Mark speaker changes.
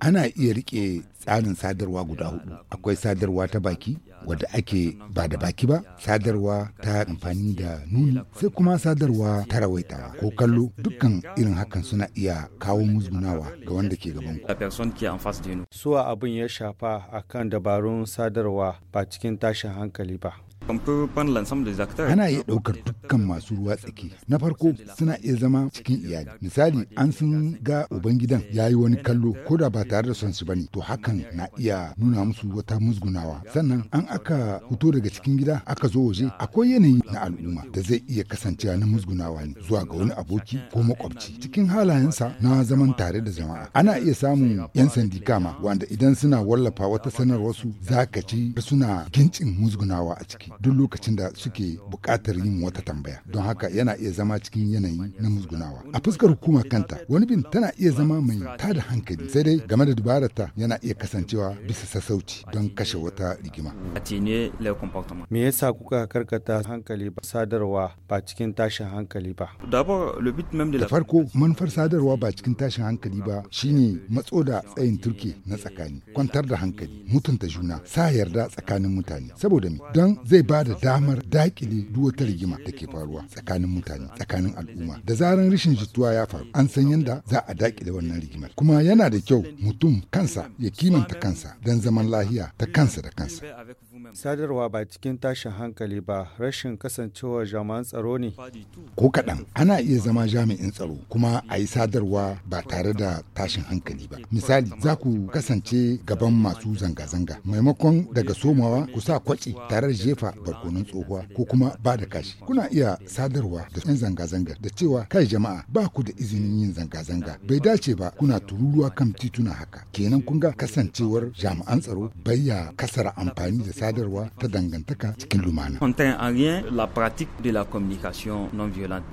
Speaker 1: Ana iya rike tsarin sadarwa guda hudu. Akwai sadarwa ta baki wadda ake ba da baki ba, sadarwa ta amfani da nuni, sai kuma sadarwa ta rawaita ko kallo dukkan irin hakan suna iya kawo muzgunawa ga wanda ke gaban
Speaker 2: ku. Suwa abin ya shafa akan dabarun sadarwa ba cikin tashin hankali ba.
Speaker 1: Ana iya ɗaukar dukkan masu ruwa tsaki. Na farko suna iya zama cikin iyali. Misali an sun ga ubangidan ya yi wani kallo ko da ba tare da son su bane to hakan na iya nuna musu wata musgunawa. Sannan an aka fito daga cikin gida aka zo waje akwai yanayi na al'umma da zai iya kasancewa na musgunawa ne zuwa ga wani aboki ko makwabci. Cikin halayensa na zaman tare da jama'a. Ana iya samun 'yan sandi kama. wanda idan suna wallafa wata sanarwar su za ka ci suna gincin musgunawa a ciki. duk lokacin da suke buƙatar yin wata tambaya don haka yana iya zama cikin yanayi na musgunawa a fuskar hukuma kanta wani bin tana iya zama mai tada hankali sai dai game da ta yana iya kasancewa bisa sassauci don kashe wata rigima
Speaker 2: me yasa kuka karkata hankali ba sadarwa ba cikin tashin hankali ba da farko
Speaker 1: manufar sadarwa ba cikin tashin hankali ba shine matso da tsayin turki na tsakani kwantar da hankali mutunta juna sa yarda tsakanin mutane saboda me don zai ba da damar dakile duk wata rigima da ke faruwa tsakanin mutane tsakanin al'umma da zaran rashin jituwa ya faru an san yadda za a dakile wannan rigimar kuma yana da kyau mutum kansa ya kimanta kansa don zaman lahiya ta kansa da kansa
Speaker 2: sadarwa ba cikin tashin hankali ba rashin kasancewar jami'an tsaro ne
Speaker 1: ko kaɗan ana iya zama jami'in tsaro kuma a yi sadarwa ba tare da tashin hankali ba misali za ku kasance gaban masu zanga-zanga maimakon daga somawa ku sa kwaci tare da jefa shafa tsohuwa ko kuma ba da kashi kuna iya sadarwa da 'yan zanga-zanga da cewa kai jama'a ba ku da izinin yin zanga-zanga bai dace ba kuna tururuwa kan tituna haka kenan kun ga kasancewar jami'an tsaro bayya kasar amfani da sadarwa ta dangantaka cikin lumana.
Speaker 2: Contain en rien la pratique de la communication non violente.